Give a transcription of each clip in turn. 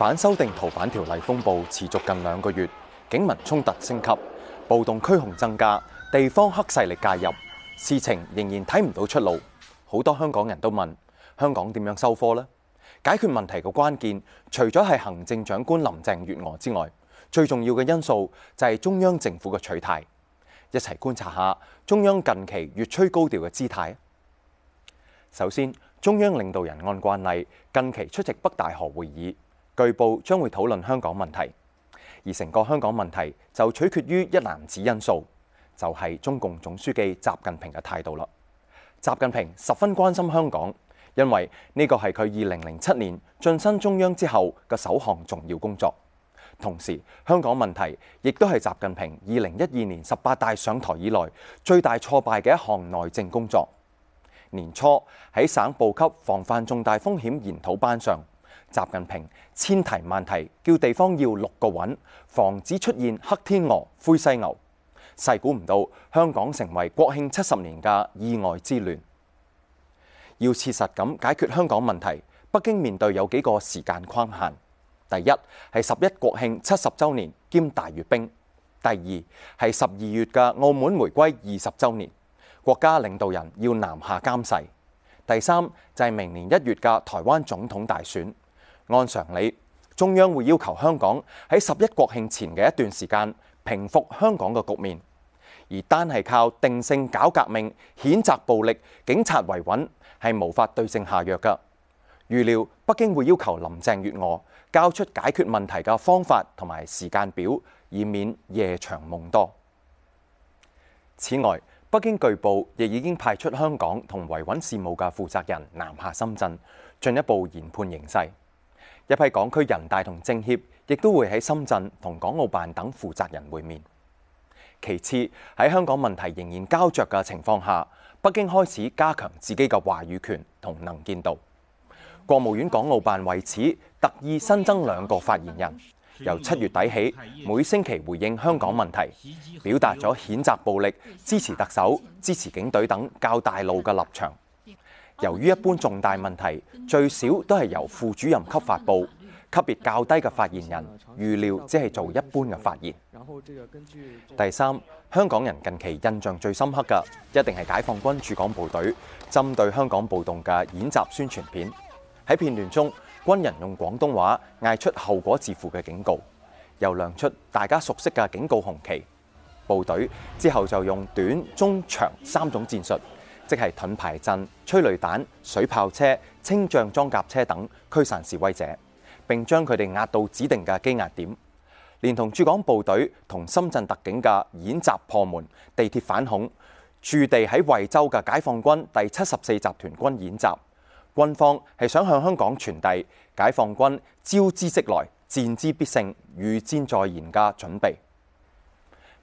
反修訂逃犯條例風暴持續近兩個月，警民衝突升級，暴動驅控增加，地方黑勢力介入，事情仍然睇唔到出路。好多香港人都問，香港點樣收科呢？解決問題嘅關鍵，除咗係行政長官林鄭月娥之外，最重要嘅因素就係中央政府嘅取態。一齊觀察下中央近期越趨高調嘅姿態。首先，中央領導人按慣例近期出席北戴河會議。據報將會討論香港問題，而成個香港問題就取決於一籃子因素，就係、是、中共總書記習近平嘅態度啦。習近平十分關心香港，因為呢個係佢二零零七年晉身中央之後嘅首項重要工作。同時，香港問題亦都係習近平二零一二年十八大上台以來最大挫敗嘅一項內政工作。年初喺省部級防範重大風險研討班上。習近平千提萬提，叫地方要六個穩，防止出現黑天鵝、灰犀牛。細估唔到香港成為國慶七十年嘅意外之亂。要切實咁解決香港問題，北京面對有幾個時間框限。第一係十一國慶七十周年兼大閱兵，第二係十二月嘅澳門回歸二十周年，國家領導人要南下監勢。第三就係、是、明年一月嘅台灣總統大選。按常理，中央會要求香港喺十一國慶前嘅一段時間平復香港嘅局面，而單係靠定性搞革命、譴責暴力、警察維穩，係無法對症下藥噶。預料北京會要求林鄭月娥交出解決問題嘅方法同埋時間表，以免夜長夢多。此外，北京據報亦已經派出香港同維穩事務嘅負責人南下深圳，進一步研判形勢。一批港區人大同政協亦都會喺深圳同港澳辦等負責人會面。其次，喺香港問題仍然膠着嘅情況下，北京開始加強自己嘅話語權同能見度。國務院港澳辦為此特意新增兩個發言人，由七月底起每星期回應香港問題，表達咗譴責暴力、支持特首、支持警隊等較大路嘅立場。由於一般重大問題，最少都係由副主任級發佈，級別較低嘅發言人預料只係做一般嘅發言。第三，香港人近期印象最深刻嘅，一定係解放軍駐港部隊針對香港暴動嘅演習宣傳片。喺片段中，軍人用廣東話嗌出後果自負嘅警告，又亮出大家熟悉嘅警告紅旗，部隊之後就用短、中、長三種戰術。即係盾牌陣、催淚彈、水炮車、清障裝甲車等驅散示威者，並將佢哋壓到指定嘅羈押點，連同駐港部隊同深圳特警嘅演習破門、地鐵反恐、駐地喺惠州嘅解放軍第七十四集團軍演習，軍方係想向香港傳遞解放軍召之即來、戰之必勝、預戰在言嘅準備。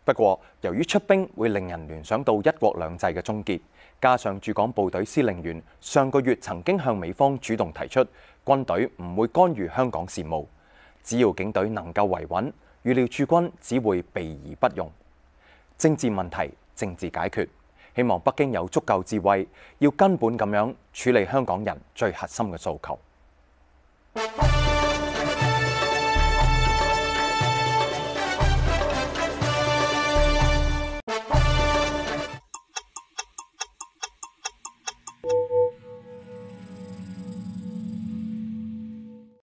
不過，由於出兵會令人聯想到一國兩制嘅終結，加上駐港部隊司令員上個月曾經向美方主動提出，軍隊唔會干預香港事務，只要警隊能夠維穩，預料駐軍只會避而不用。政治問題，政治解決，希望北京有足夠智慧，要根本咁樣處理香港人最核心嘅訴求。